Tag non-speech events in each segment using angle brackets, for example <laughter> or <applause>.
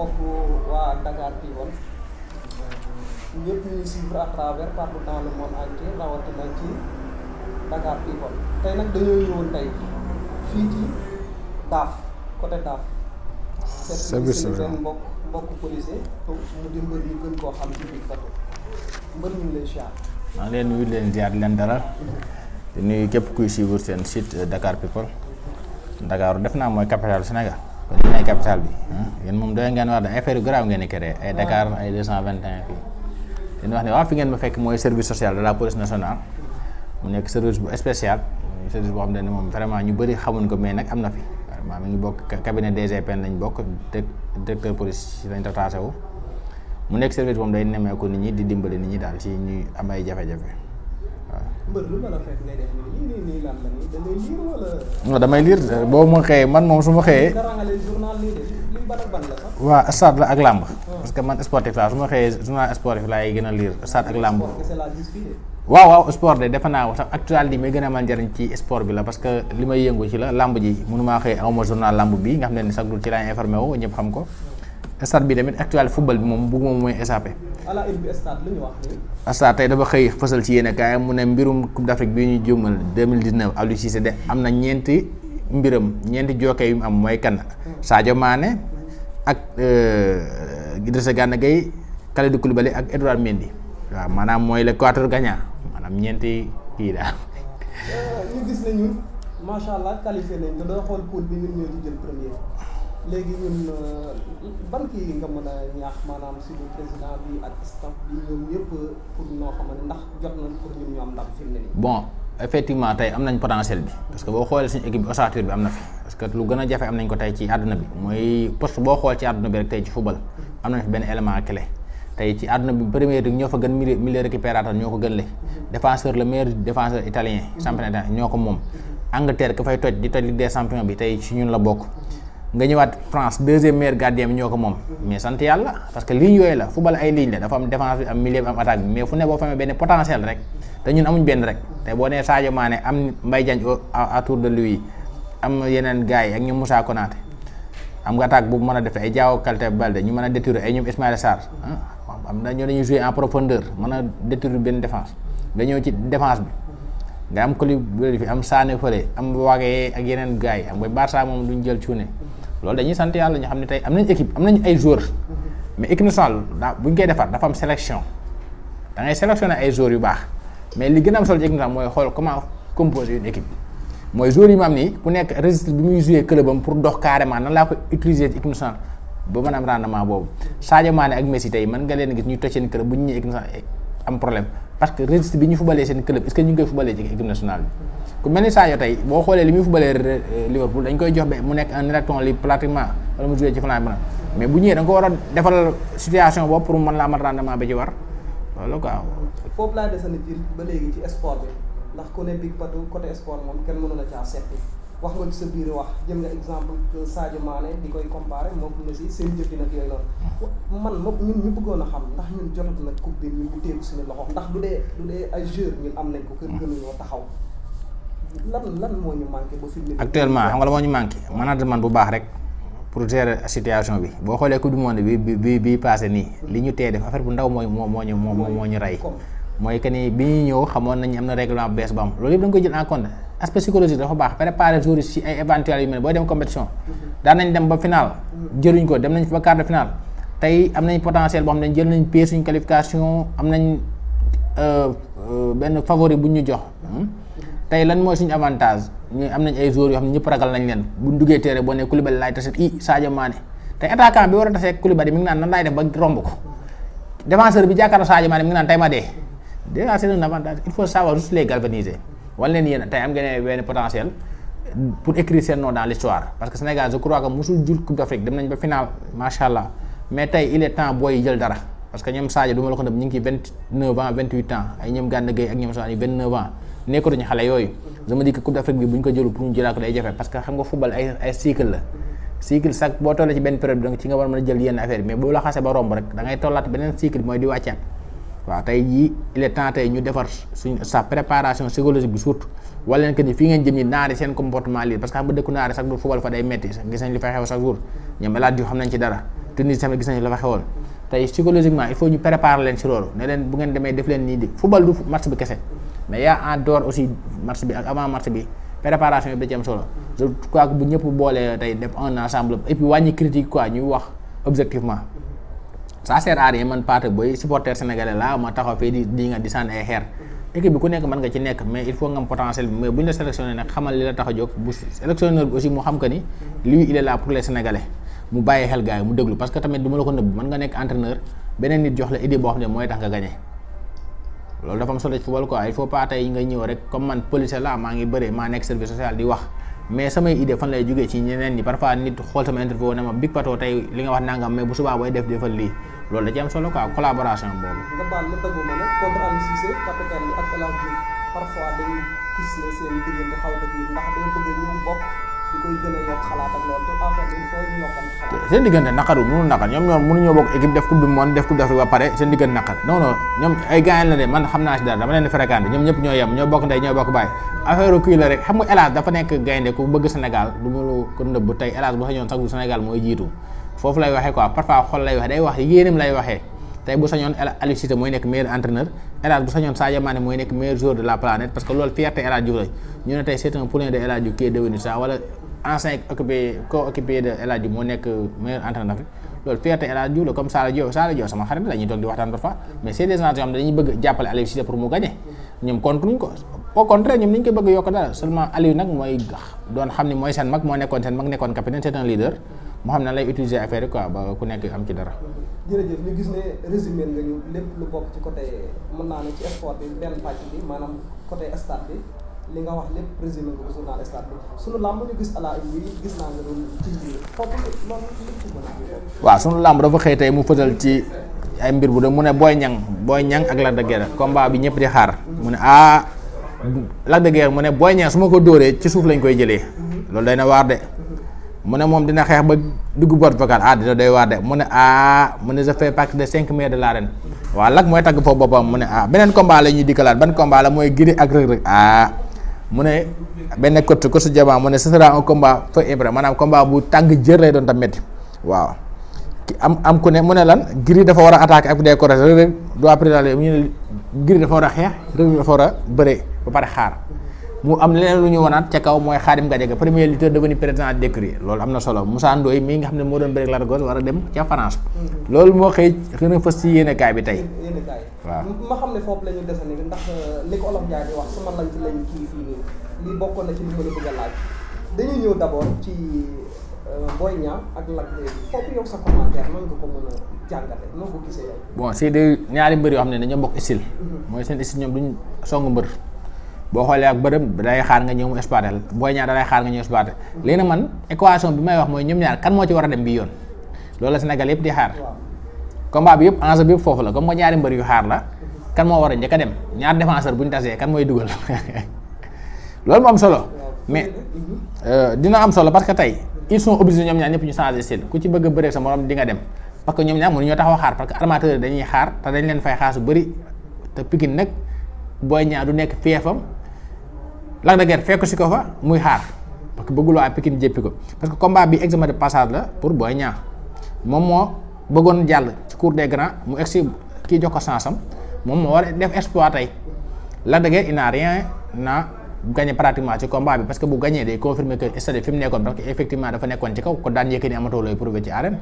mbokk waa Dakar People ñëpp ñuy suivre à travers partout dans le monde entier rawatina ci Dakar People tey nag dañoo ñëwoon tey fii ci Daaf côté Daaf. service seen benn mbokk mbokk policier mu di mbër ñu gën koo xam ci biir Fatou mbër ñu ngi lay siyaar. maa ngi leen nuyu leen ziar leen dara. di nuyu képp kuy suivre seen site Dakar People. Dakar def naa mooy capitale kon yéen capital bi yéen moom doy ngeen wax ne ay affaire yu garaaw ngeen di créé ay Dakar ay 221 fii dañuy wax ne waaw fi ngeen ma fekk mooy service social de la police nationale mu nekk service bu spécial service boo xam ne moom vraiment ñu bëri xamuñ ko mais nag am na fi vraiment mi ngi bokk cabinet DGPN lañ bokk directeur police lañ tataase wu mu nekk service boobu day nemmeeku ni ñi di dimbali ni ñi daal ci ñuy am ay jafe-jafe. mbër lu damay liir boobu ma xëyee man moom su ma xëyee. waaw stade la ak làmb. Ah. parce que man sportif laa su ma xëyee journal sportif laay gën a liir stade ak làmb. waaw waaw sport de defe naa sax actualité may gën a amal njëriñ ci sport bi la parce que li may yëngu ci la làmb ji mënumaa xëy awma journal làmb bi nga xam ne ni sax du ci laay informé wu ñëpp xam ko stade bi tamit actualité football bi moom bëgguma mooy échappé Astar tey dafa xëy fësal ci yéen kaayam mu ne mbirum Coupe d'Afrique bi ñu jëmmal 2019 Aliou Cissé de am na ñeenti mbiram ñeenti jookee yu mu am mooy kan Sadio Mané ak euh, Idrissa Gana Gueye Kalidou Koulibaly ak Edouard Mendy waa maanaam mooy le quator gagnant maanaam ñeenti kii daal. Euh, ñu gis nañu macha allah qualifié nañ te doo xool ñun ñoo jël premier. léegi ñun euh, ban kii nga mën a ñaax maanaam suñu président bon effectivement tey am nañ potentiel bi parce que boo xoolee suñu équipe bi ossature bi am na fi parce que lu gën a jafe am nañ ko tey ci àdduna bi mooy poste boo xool ci àdduna bi rek tey ci football am nañ fi benn élément clé tey ci àdduna bi première ligue ñoo fa gën milieu milieu récupérateur ñoo ko gën le défenseur le meilleur défenseur italien championnat ñoo ko moom Angleterre ka fay toj di toj ligue des champions bi tey ci ñun la bokk nga ñëwaat France deuxième meilleur gardien bi ñoo ko moom mais sant yàlla parce que ligne yooyu la football ay ligne la dafa am défense bi am milieu bi am attaque bi mais fu ne boo fa benn potentiel rek te ñun amuñ benn rek te boo nee Sadio Mané am Mbaye Diagne autour de lui am yeneen gars yi ak ñoom Moussa Konaté am nga attaque bu mën a defee ay jaaw qualité Balde ñu mën a détruire ay ñoom Ismaïla Sarr ah, am na ñoo dañuy jouer en profondeur mën a détruire benn défense nga ñëw ci défense bi nga am Koulibaly fi am Sané fële am Wagué ak yeneen gars yi am nga Barça moom duñ jël cuune loolu dañuy sant yàlla ñu xam ne tey am nañ équipe am nañ ay joueurs mais équipe nationale bu ñu koy defar dafa am sélection da ngay sélectionné ay joueurs yu baax mais li gën a am solo ci équipe nationale mooy xool comment composer une équipe mooy joueurs yi ma am nii ku nekk registre bi muy joué am rendement boobu Sadio ak Messi tey mën nga leen gis ñuy toj seen club bu ñu ñëwee équipe nationale eh, bi. ku mel ni Sadio tey boo xoolee li muy fubalee eh, Liverpool dañ koy jox ba mu nekk un électron libre pratiquement wala mu jugee ci flanc bi mais bu ñëwee da nga ko war a defal situation boobu pour mën la amal rendement ba ci war loolu quoi. foofu laa desandi ci ba léegi ci sport bi ndax ku ne Big Pato côté sport moom kenn mënu la caa seetlu wax nga ci sa biir wax jël nga exemple que Sadio Mané di koy comparé moom Messi seen jëf yi nag yooyu noonu man moom ñun ñu bëggoon a xam ndax ñun jotatu na coupe bi ñun ñu téegu suñu loxo ndax du dee du dee ay joueurs ñun am nañ ko kër gënuñoo taxaw. lan lan moo ñu manqué ba fi actuellement xam nga la moo ñu manqué management bu baax rek pour gérer situation bi boo xoolee coupe du monde bi bi bi bii passé nii li ñu tee def affaire bu ndaw mooy moo moo ñu moo moo ñu rey. mooy que ni bi ñuy ñëw xamoon nañu am na règlement bu bees ba am loolu yëpp da nga koy jël en compte aspect psychologique dafa baax préparer joueurs ci ay éventuels yu mel booy dem compétition mhm. daan nañ dem ba final. Mhm. jëluñ ko dem nañ fa quart de final tey am nañ potentiel boo xam jël nañ pied suñ qualification am nañ euh, euh, benn favori bu ñu jox. Hmm? tey lan mooy suñu avantage ñu am nañ ay joueurs yoo xam ne ñëpp ragal nañ leen bu buñ duggee téere boo ne Koulibaly laay taseet i Sadio Mané tey attaquant bi war a tasee Koulibaly mi ngi naan nan laay def ba romb ko défenseur bi jàkkaarloo Sadio Mané mi ngi naan tey ma dee déjà ah, c'est un avantage il faut savoir juste les galvaniser wan leen yéen tey am ngeen benn potentiel pour écrire seen nom dans l'histoire parce que Sénégal je crois que mosul jul Coupe d'Afrique nekkatuñu xale yooyu. je me d'Afrique bi bu ñu ko jëlu pour ñu jëlaat day jafe parce que xam nga football ay cycle la. cycle sax boo tollee ci benn période danga ci nga war a mën a jël yenn affaire mais boo la xasee ba romb rek da tollaat beneen cycle mooy di wàccaat. waaw tey il est temps tey ñu defar suñ sa préparation fa day metti gis li fa xew chaque jour ñoom laaj yu xam nañ ci dara Tunisie tamit gis la fa xewoon tey psychologiquement mais yaa en dehors aussi match bi ak avant match bi préparation bi da ci am solo je crois que bu ñëpp boolee tey def un ensemble et wàññi critique quoi ñuy wax objectivement ça sert à rien man Pathé Boye supporter sénégalais la ma taxaw fii di di nga di sànni ay xeer équipe bi ku nekk mën nga ci nekk mais il faut nga am potentiel bi mais bu ñu la sélectionné nag xamal li la tax a jóg bu sélectionneur bi aussi mu xam que ni lui il est pour tamit du la ko nga nekk entraîneur beneen nit jox la idée mooy tax nga loolu dafa am solo ci wàllu quoi il faut pas tey nga ñëw rek comme man policier la maa ngi bëree maa nekk service social di wax mais samay idée fan lay jógee ci ñeneen ñi parfois nit xool sama interview ne ma big pato tey li nga wax nangam mais bu subaa booy def defal lii loolu da ci am solo quoi collaboration boobu. nga baal ma tëggu ma nag contre Aliou Cissé capitaine bi ak El Hadj a ndax dañu bëgg ñëw di koy gën a yokk xalaat ak loolu te seen diggante naqaru mënul naqar ñoom ñoom mënuñoo bokk équipe def coupe du monde def coupe d'Afrique ba pare seen diggante naqar non ñoom ay gars la de man xam naa si dara dama leen di fréquenté ñoom ñëpp ñoo yem ñoo bokk ndey ñoo bokk baay affaire kii la rek xam nga dafa nekk gaynde ku bëgg Sénégal du ko nëbb tey El Hadj bu sañoon sax du mooy jiitu foofu lay waxee bu sañoon Aliou Cissé mooy mooy nekk meilleur joueur de la planète parce que loolu en occupé co-occupé de El Hadj moo nekk meilleur entraîneur d'Afrique loolu fierté El Hadj Diouf la comme Sadio Diouf Sadio Diouf sama xarit la ñuy toog di waxtaan parfois mais c'est des gens yoo xam ne dañuy bëgg jàppale Aliou Cissé pour mu gagner ñoom contre ñu ko au mag nekkoon capitaine c'est un leader moo xam ne lay utiliser affaire yi quoi ba ku nekk am ci dara. li nga wax lépp résumé nga ko journal sunu làmb dafa xëy tey mu fëtal ci ay mbir bu de mu ne booy Niang booy ñan ak Lac de Guiers bi ñëpp di xaar mu ne ah Lac de mu ne Boy Niang su ma ko dóoree ci suuf lañ koy jëlee loolu na waar mu ne moom dina xeex ba dugg boîte vocale ah dina doy waar de mu ne ah mu ne je fais partie des cinq meilleurs de ren waaw Lac mooy tagg foofu boppam mu ne ah beneen combat la ñuy dikkalaat ban combat la mooy Gris ak Reug Reug ah mu ne benn côté côté jamaa mu ne ce sera un combat feu et brûlant bu tàng jër lay doon tam métti waaw ki am am ku ne mu ne lan Gris dafa war a attaqué ak des côté Reug Reug doit préserver mu ñu ne Gris dafa war a xeex Reug Reug dafa war a bëre ba pare xaar mu am leneen lu ñu wonaat ca kaw mooy Khadim Gadiaga premier lutteur devenu président décret loolu am na solo Moussa Ndoye mii nga xam ne moo doon bëri largos war a dem ca France. Mm-hmm. loolu moo xëy gën a fës ci yéenekaay bi tey. yéenekaay ma xam ne foofu la ñu desandi ndax euh, li ko Olof Ndiaye di wax lañ ci lañ kii fii nii li bokkoon na ci li ma la bëgg a laaj dañuy ñëw d'abord ci euh, Boy a jàngate noo ko ñaari mbër yoo xam ne dañoo bokk style. Mm-hmm. mooy seen style ñoom duñ songu mbër. boo xoolee ak bërëm dalay xaar nga ñëw mu exploité booy ñaar dalay xaar nga ñëw exploité léegi man équation bi may wax mooy ñoom ñaar kan moo ci war a dem bi yoon loolu la Sénégal yëpp di xaar combat bi yëpp enjeu bi yëpp foofu la comme que ñaari mbër yu xaar la kan moo war a njëkk dem ñaar défenseur bu ñu tasee kan mooy dugal <laughs> loolu mu solo mais euh, dina am solo parce que tey ils sont obligés ñoom ñaar ñëpp ñu changer style ku ci bëgg a bëree sa morom di nga dem parce que ñoom ñaar mënuñoo taxaw xaar parce xaar te dañ leen fay xaar su bëri te Pikine nag booy ñaar du nekk feefam Lac de Guiers fekk si ko fa muy xaar parce que bëgguloo waa Pikine jéppi ko parce que combat bi examen de passage la pour Boy Niang moom moo bëggoon jàll ci cour des grands mu egg si kii jox ko sansam moom moo war a def exploit tey Lac de a il n'a rien na gagné pratiquement ci combat bi parce que bu gagné day confirmer que stade fi nekkoon parce que effectivement dafa nekkoon ci kaw ko daan Yékini amatoo looy prouvé ci arène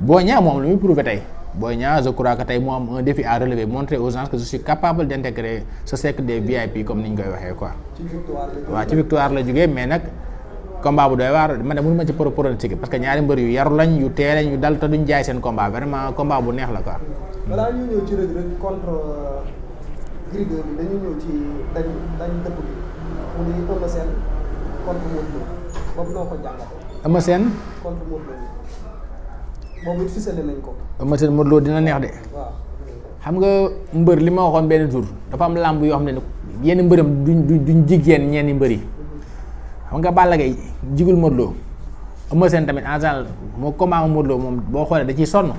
boo Niang moom lu muy prouvé tey Boy Niang je crois tey moo am un défi à relever montrer aux gens que je suis capable d' intégrer ce cercle des VIP comme ni ñu koy waxee quoi. ci victoire la jógee waaw ci victoire la jógee mais nag combat bu doy waar man de mënu ma ci pronostic parce que ñaari mbër yu yaru lañ yu tee yu dal te duñ jaay seen combat vraiment combat bu neex la quoi. balaa ñuy euh, dañuy ñëw ci dañ dañ dëpp bi mu boobu it fisale ko. amateur Modou dina neex de. waaw xam nga mbër li ma waxoon benn tur dafa am làmb yoo xam ne yenn mbëram duñ duñ jig yenn mbër yi xam nga Balla Gaye jigul Modou Lo Eumeu Sène tamit en général moo combat Modou Lo moom boo xoolee da ciy sonn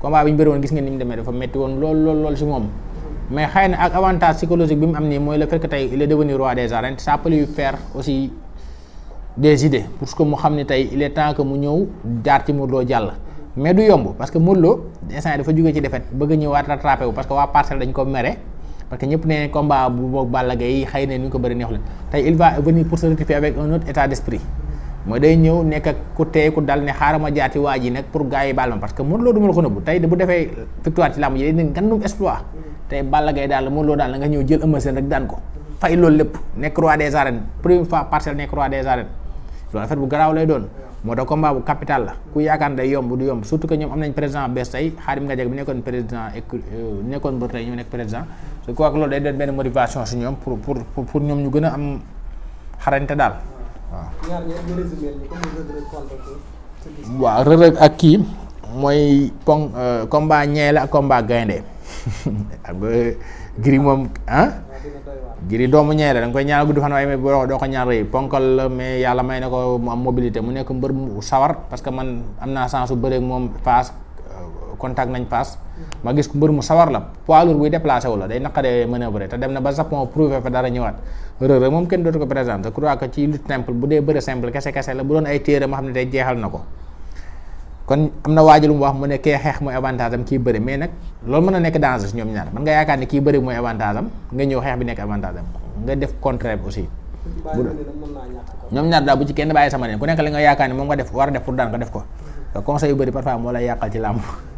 combat bi ñu bëri woon gis nga ni mu demee dafa metti woon lool lool lool si moom mais xëy na ak avantage psychologique bi mu am ni mooy la fait que tey il est devenu roi des arènes ça peut lui faire aussi des idées pour que mu xam ne tey il est temps que mu ñëw jaar ci Modou Lo mais du yomb parce que Modou Lo instant dafa jógee ci défaite bëgg ñëwaat rattrapé wu parce que waa parcelle dañ ko mere parce que ñëpp nee combat bu boog Balla Gaye xëy na ñu ko bëri neexu leen tey il va venir pour se rectifier avec un autre état d' mooy day ñëw nekk ku tey dal ne xaaral ma jaati waa ji nag pour gars yi ma parce que Modou Lo du ma la tey bu defee victoire ci làmb ji day ngandum exploit tey Balla Gaye daal Modou Lo daal la loolu affaire lay doon moo tax combat capital la ku yaakaar day yomb du yomb surtout que ñoom am nañ président bees tey Khadim Gadiaga bi nekkoon président éc euh, nekkoon ba tey ñu nekk président je crois que loolu day doon benn motivation si ñoom pour pour pour ñoom ñu gën a am xarañte daal waaw. waaw Reug ak kii mooy pon euh, combat ñee la ak combat gaynde xam nga giri moom ah giri doomu ñeere da nga koy ñaanal gudd fan waaye mais boo doo ko ñaan rëy ponkal mais yàlla may na ko mu am mobilité mu nekk mbër mu sawar parce que man am naa sens su bëreeg moom paas euh, contact nañ paas ma gis ko mbër mu sawar la poids buy déplacé la day naqaree manœuvre te dem na ba Japon prouvé fa dara ñëwaat Reug Reug moom kenn dootu ko présenté je crois que ci lutte simple bu dee bëre simple kese kese la bu ne tey jeexal na ko kon am na waajal mu wax mu ne kee xeex mooy avantage am kii bëri mais nag loolu mën na nekk danger ñoom ñaar mën nga yaakaar ne kii bëri mooy avantage am nga ñëw xeex bi nekk avantage am nga def contraire bi aussi. ñoom ñaar daal bu ci kenn bàyyi sama neen ku nekk la nga yaakaar ne moom nga def war a def pour daan nga def ko conseil yu bëri parfois moo lay yàqal ci làmb